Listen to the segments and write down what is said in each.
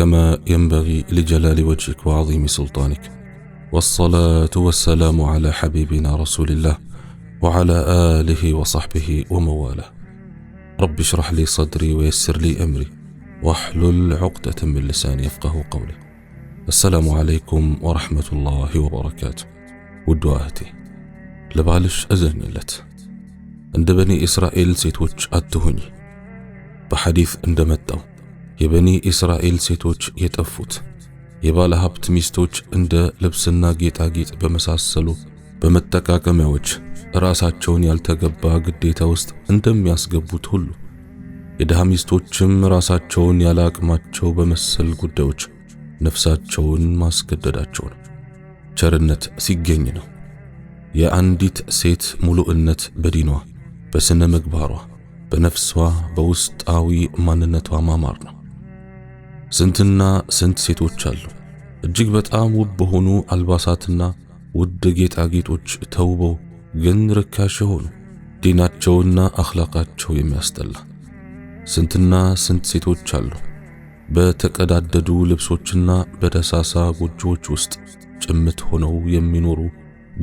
كما ينبغي لجلال وجهك وعظيم سلطانك والصلاه والسلام على حبيبنا رسول الله وعلى اله وصحبه ومواله رب اشرح لي صدري ويسر لي امري واحلل عقده من لساني يفقه قولي السلام عليكم ورحمه الله وبركاته ودعاتي لبالش أزن اللت عند بني إسرائيل سيتوج أتهني بحديث اندمتو የበኒ እስራኤል ሴቶች የጠፉት የባለ ሀብት ሚስቶች እንደ ልብስና ጌጣጌጥ በመሳሰሉ በመጠቃቀሚያዎች ራሳቸውን ያልተገባ ግዴታ ውስጥ እንደሚያስገቡት ሁሉ የድሃ ሚስቶችም ራሳቸውን ያለ አቅማቸው በመሰል ጉዳዮች ነፍሳቸውን ማስገደዳቸው ነው። ቸርነት ሲገኝ ነው። የአንዲት ሴት ሙሉእነት በዲኗ፣ በስነ ምግባሯ፣ በነፍሷ፣ በውስጣዊ ማንነቷ ማማር ነው። ስንትና ስንት ሴቶች አሉ እጅግ በጣም ውብ በሆኑ አልባሳትና ውድ ጌጣጌጦች ተውበው ግን ርካሽ የሆኑ ዲናቸውና አኽላቃቸው የሚያስጠላ ስንትና ስንት ሴቶች አሉ በተቀዳደዱ ልብሶችና በደሳሳ ጎጆዎች ውስጥ ጭምት ሆነው የሚኖሩ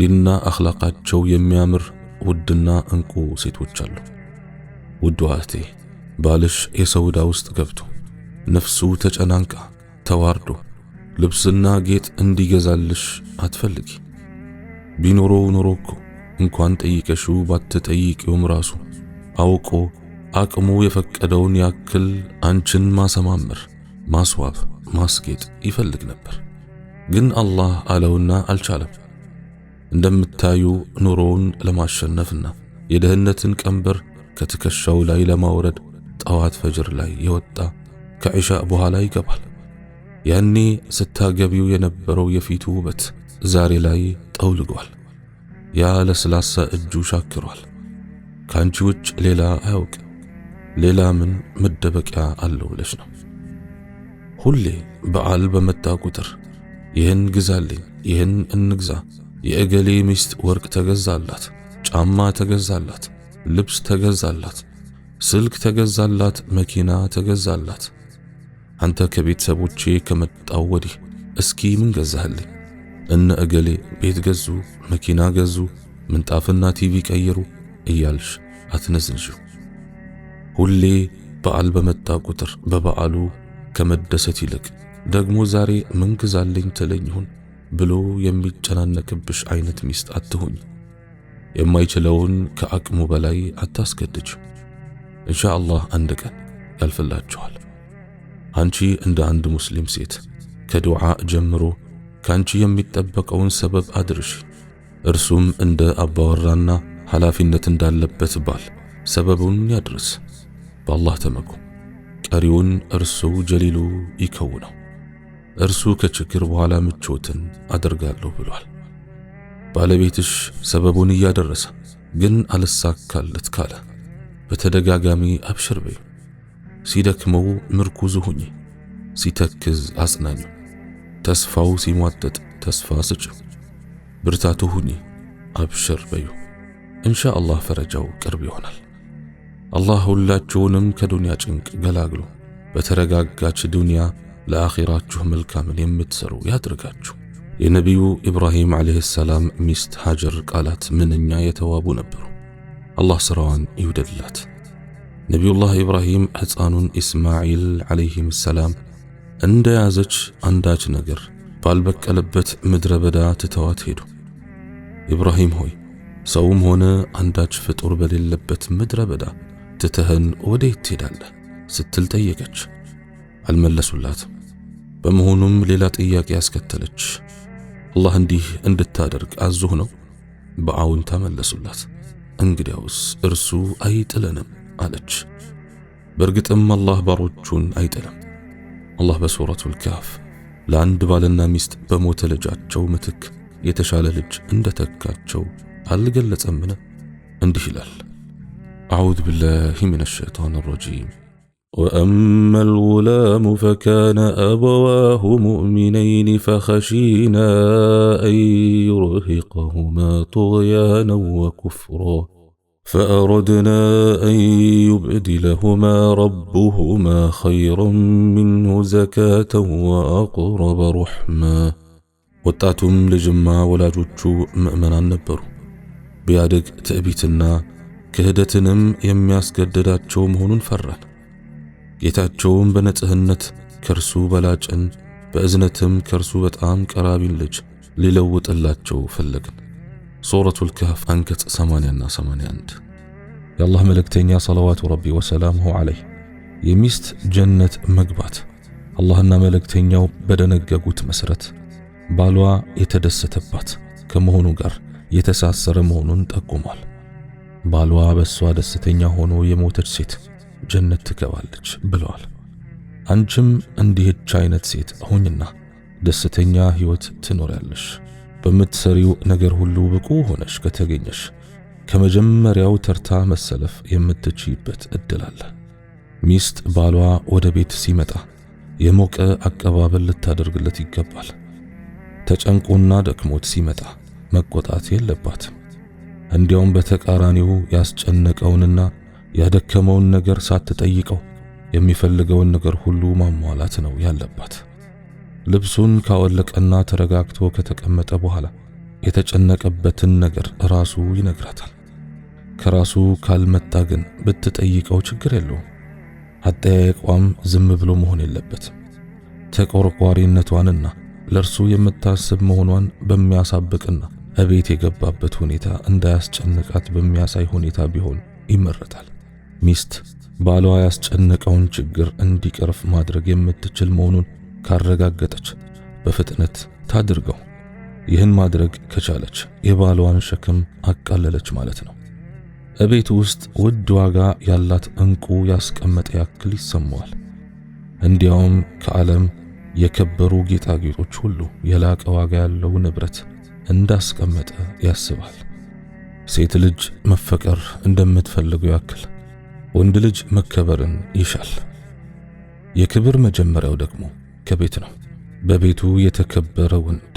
ዲንና አኽላቃቸው የሚያምር ውድና እንቁ ሴቶች አሉ። ውድ እህቴ ባልሽ የሰውዳ ውስጥ ገብቶ ነፍሱ ተጨናንቃ ተዋርዶ ልብስና ጌጥ እንዲገዛልሽ አትፈልጊ። ቢኖረው ኖሮ እኮ እንኳን ጠይቀሽው ባትጠይቂውም ራሱ አውቆ አቅሙ የፈቀደውን ያክል አንቺን ማሰማመር፣ ማስዋብ፣ ማስጌጥ ይፈልግ ነበር። ግን አላህ አለውና አልቻለም። እንደምታዩ ኑሮውን ለማሸነፍና የድህነትን ቀንበር ከትከሻው ላይ ለማውረድ ጠዋት ፈጅር ላይ የወጣ ከዒሻ በኋላ ይገባል። ያኔ ስታገቢው የነበረው የፊቱ ውበት ዛሬ ላይ ጠውልጓል። ያ ለስላሳ እጁ ሻክሯል። ከአንቺ ውጭ ሌላ አያውቅም። ሌላ ምን መደበቂያ አለው ብለሽ ነው? ሁሌ በዓል በመጣ ቁጥር ይህን ግዛልኝ፣ ይህን እንግዛ፣ የእገሌ ሚስት ወርቅ ተገዛላት፣ ጫማ ተገዛላት፣ ልብስ ተገዛላት፣ ስልክ ተገዛላት፣ መኪና ተገዛላት አንተ ከቤተሰቦቼ ከመጣው ወዲህ እስኪ ምን ገዛህልኝ? እነ እገሌ ቤት ገዙ፣ መኪና ገዙ፣ ምንጣፍና ቲቪ ቀየሩ እያልሽ አትነዝንሽው። ሁሌ በዓል በመጣ ቁጥር በበዓሉ ከመደሰት ይልቅ ደግሞ ዛሬ ምን ግዛልኝ ትለኝ ይሁን ብሎ የሚጨናነቅብሽ አይነት ሚስት አትሆኝ። የማይችለውን ከአቅሙ በላይ አታስገድጅ። ኢንሻአላህ አንድ ቀን ያልፍላችኋል። አንቺ እንደ አንድ ሙስሊም ሴት ከዱዓ ጀምሮ ካንቺ የሚጠበቀውን ሰበብ አድርሽ። እርሱም እንደ አባወራና ኃላፊነት እንዳለበት ባል ሰበቡን ያድርስ። በአላህ ተመኩ፣ ቀሪውን እርሱ ጀሊሉ ይከውነው። እርሱ ከችግር በኋላ ምቾትን አደርጋለሁ ብሏል። ባለቤትሽ ሰበቡን እያደረሰ ግን አልሳካለት ካለ በተደጋጋሚ አብሽር በይ። ሲደክመው ምርኩዝ ሁኚ፣ ሲተክዝ አጽናኙ፣ ተስፋው ሲሟጠጥ ተስፋ ስጭ፣ ብርታቱ ሁኝ፣ አብሽር በዩ። እንሻ አላህ ፈረጃው ቅርብ ይሆናል። አላህ ሁላችሁንም ከዱንያ ጭንቅ ገላግሎ በተረጋጋች ዱንያ ለአኺራችሁ መልካምን የምትሰሩ ያድርጋችሁ። የነቢዩ ኢብራሂም ዓለይህ ሰላም ሚስት ሀጀር ቃላት ምንኛ የተዋቡ ነበሩ። አላህ ሥራዋን ይውደድላት። ነቢዩላህ ኢብራሂም ሕፃኑን ኢስማዒል ዓለይሂም ሰላም እንደ ያዘች አንዳች ነገር ባልበቀለበት ምድረ በዳ ትተዋት ሄዱ። ኢብራሂም ሆይ ሰውም ሆነ አንዳች ፍጡር በሌለበት ምድረ በዳ ትተህን ወዴት ትሄዳለህ ስትል ጠየቀች። አልመለሱላትም። በመሆኑም ሌላ ጥያቄ አስከተለች። አላህ እንዲህ እንድታደርግ አዞህ ነው? በአዎንታ መለሱላት። እንግዲያውስ እርሱ አይጥለንም አለች። በእርግጥም አላህ ባሮቹን አይጥልም። አላህ በሱረቱል ካፍ ለአንድ ባልና ሚስት በሞተ ልጃቸው ምትክ የተሻለ ልጅ እንደተካቸው አልገለጸምን? እንዲህ ይላል። አዑዝ ቢላሂ ሚነ ሸይጣን ረጂም وأما الغلام فكان أبواه مؤمنين فخشينا أن يرهقهما طغيانا وكفرا فأردنا أن يبدلهما ربهما خيرا منه زكاة وأقرب رحما وطعتم لجمع ولا جوجو مأمنا نبرو بيادك تأبيتنا كهدتنم يمي أسجددات شوم هنون فرن جيتات شوم بنت أهنت كرسو بلاج أن بأزنتم كرسو بتعام كرابين لج للوت اللات شو فلقن ሱረቱል ከህፍ አንቀጽ 80ና 81 የአላህ መልእክተኛ ሰለዋቱ ረቢ ወሰላሙሁ ዓለይህ የሚስት ጀነት መግባት አላህና መልእክተኛው በደነገጉት መሠረት ባሏ የተደሰተባት ከመሆኑ ጋር የተሳሰረ መሆኑን ጠቁሟል። ባሏ በእሷ ደስተኛ ሆኖ የሞተች ሴት ጀነት ትገባለች ብለዋል። አንቺም እንዲህች አይነት ሴት ሁኝና ደስተኛ ሕይወት ትኖሪያለሽ። በምትሰሪው ነገር ሁሉ ብቁ ሆነሽ ከተገኘሽ ከመጀመሪያው ተርታ መሰለፍ የምትችይበት እድል አለ። ሚስት ባሏ ወደ ቤት ሲመጣ የሞቀ አቀባበል ልታደርግለት ይገባል። ተጨንቆና ደክሞት ሲመጣ መቆጣት የለባትም። እንዲያውም በተቃራኒው ያስጨነቀውንና ያደከመውን ነገር ሳትጠይቀው የሚፈልገውን ነገር ሁሉ ማሟላት ነው ያለባት። ልብሱን ካወለቀና ተረጋግቶ ከተቀመጠ በኋላ የተጨነቀበትን ነገር ራሱ ይነግራታል። ከራሱ ካልመጣ ግን ብትጠይቀው ችግር የለውም። አጠያየቋም ዝም ብሎ መሆን የለበትም። ተቆርቋሪነቷንና ለእርሱ የምታስብ መሆኗን በሚያሳብቅና እቤት የገባበት ሁኔታ እንዳያስጨንቃት በሚያሳይ ሁኔታ ቢሆን ይመረጣል። ሚስት ባሏ ያስጨነቀውን ችግር እንዲቀርፍ ማድረግ የምትችል መሆኑን ካረጋገጠች በፍጥነት ታድርገው። ይህን ማድረግ ከቻለች የባሏን ሸክም አቃለለች ማለት ነው። እቤት ውስጥ ውድ ዋጋ ያላት እንቁ ያስቀመጠ ያክል ይሰማዋል። እንዲያውም ከዓለም የከበሩ ጌጣጌጦች ሁሉ የላቀ ዋጋ ያለው ንብረት እንዳስቀመጠ ያስባል። ሴት ልጅ መፈቀር እንደምትፈልገው ያክል ወንድ ልጅ መከበርን ይሻል። የክብር መጀመሪያው ደግሞ ከቤት ነው። በቤቱ የተከበረ ወንድ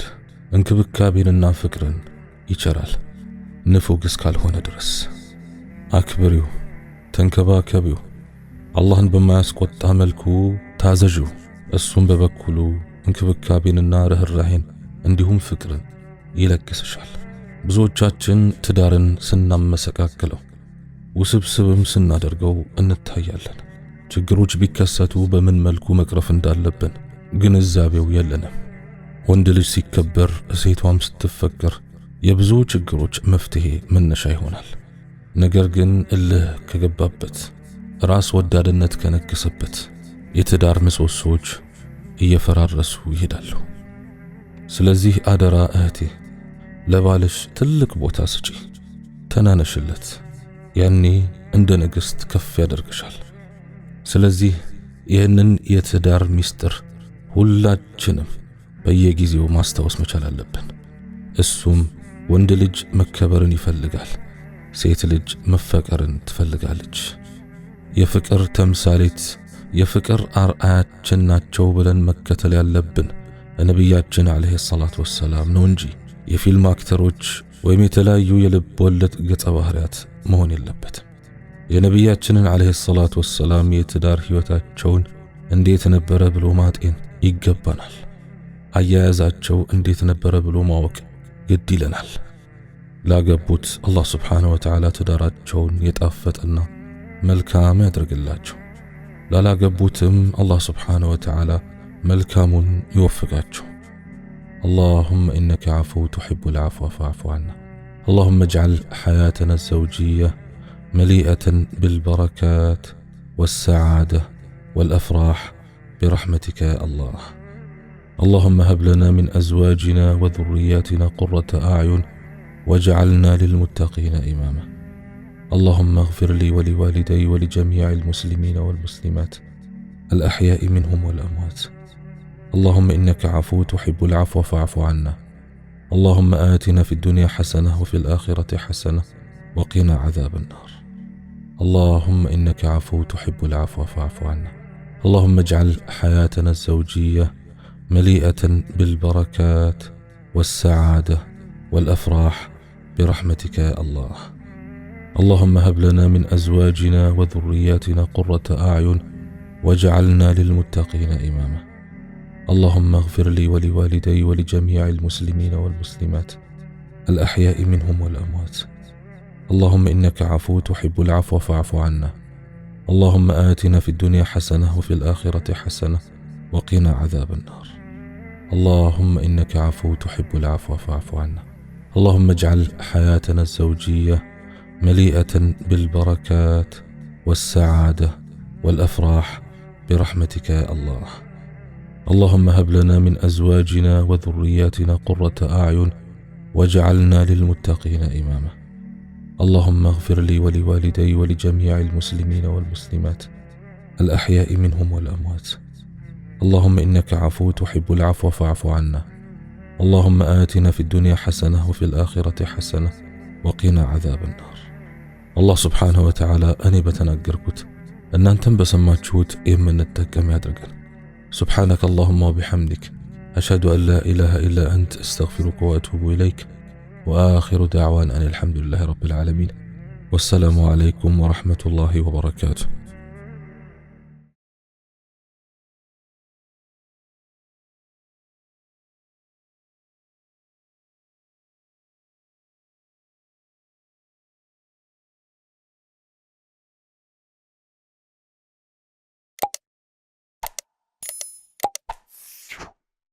እንክብካቤንና ፍቅርን ይቸራል፣ ንፉግ እስካልሆነ ድረስ። አክብሪው፣ ተንከባከቢው፣ አላህን በማያስቆጣ መልኩ ታዘዥው። እሱም በበኩሉ እንክብካቤንና ርኅራሄን እንዲሁም ፍቅርን ይለግስሻል። ብዙዎቻችን ትዳርን ስናመሰቃክለው ውስብስብም ስናደርገው እንታያለን። ችግሮች ቢከሰቱ በምን መልኩ መቅረፍ እንዳለብን ግንዛቤው የለንም። ወንድ ልጅ ሲከበር፣ ሴቷም ስትፈቅር የብዙ ችግሮች መፍትሄ መነሻ ይሆናል። ነገር ግን እልህ ከገባበት፣ ራስ ወዳድነት ከነገሰበት የትዳር ምሰሶዎች እየፈራረሱ ይሄዳሉ። ስለዚህ አደራ እህቴ፣ ለባልሽ ትልቅ ቦታ ስጪ፣ ተናነሽለት። ያኔ እንደ ንግሥት ከፍ ያደርግሻል። ስለዚህ ይህንን የትዳር ሚስጥር ሁላችንም በየጊዜው ማስታወስ መቻል አለብን። እሱም ወንድ ልጅ መከበርን ይፈልጋል፣ ሴት ልጅ መፈቀርን ትፈልጋለች። የፍቅር ተምሳሌት የፍቅር አርአያችን ናቸው ብለን መከተል ያለብን ነቢያችን ዓለይሂ ሰላቱ ወሰላም ነው እንጂ የፊልም አክተሮች ወይም የተለያዩ የልብ ወለድ ገጸ ባህሪያት መሆን የለበትም። የነቢያችንን ዓለይሂ ሰላቱ ወሰላም የትዳር ሕይወታቸውን እንዴት ነበረ ብሎ ማጤን ይገባናል። አያያዛቸው እንዴት ነበረ ብሎ ማወቅ ግድ ይለናል። ላገቡት አላህ ስብሓነ ወተዓላ ትዳራቸውን የጣፈጠና መልካም ያደርግላቸው፣ ላላገቡትም አላህ ስብሓነ ወተዓላ መልካሙን ይወፍቃቸው። اللهم إنك عفو تحب العفو فاعف عنا اللهم اجعل حياتنا الزوجية مليئة بالبركات والسعادة والأفراح برحمتك يا الله اللهم هب لنا من ازواجنا وذرياتنا قره اعين واجعلنا للمتقين اماما اللهم اغفر لي ولوالدي ولجميع المسلمين والمسلمات الاحياء منهم والاموات اللهم انك عفو تحب العفو فاعف عنا اللهم اتنا في الدنيا حسنه وفي الاخره حسنه وقنا عذاب النار اللهم انك عفو تحب العفو فاعف عنا اللهم اجعل حياتنا الزوجية مليئة بالبركات والسعادة والأفراح برحمتك يا الله اللهم هب لنا من أزواجنا وذرياتنا قرة أعين واجعلنا للمتقين إماما اللهم اغفر لي ولوالدي ولجميع المسلمين والمسلمات الأحياء منهم والأموات اللهم إنك عفو تحب العفو فاعف عنا اللهم آتنا في الدنيا حسنة وفي الآخرة حسنة وقنا عذاب النار اللهم إنك عفو تحب العفو فاعف عنا اللهم اجعل حياتنا الزوجية مليئة بالبركات والسعادة والأفراح برحمتك يا الله اللهم هب لنا من أزواجنا وذرياتنا قرة أعين واجعلنا للمتقين إماماً اللهم اغفر لي ولوالدي ولجميع المسلمين والمسلمات الأحياء منهم والأموات اللهم إنك عفو تحب العفو فاعف عنا اللهم آتنا في الدنيا حسنة وفي الآخرة حسنة وقنا عذاب النار الله سبحانه وتعالى أني بتنقركت أن انت بسما تشوت إمن التكم يدرقن سبحانك اللهم وبحمدك أشهد أن لا إله إلا أنت أستغفرك وأتوب إليك واخر دعوان ان الحمد لله رب العالمين والسلام عليكم ورحمه الله وبركاته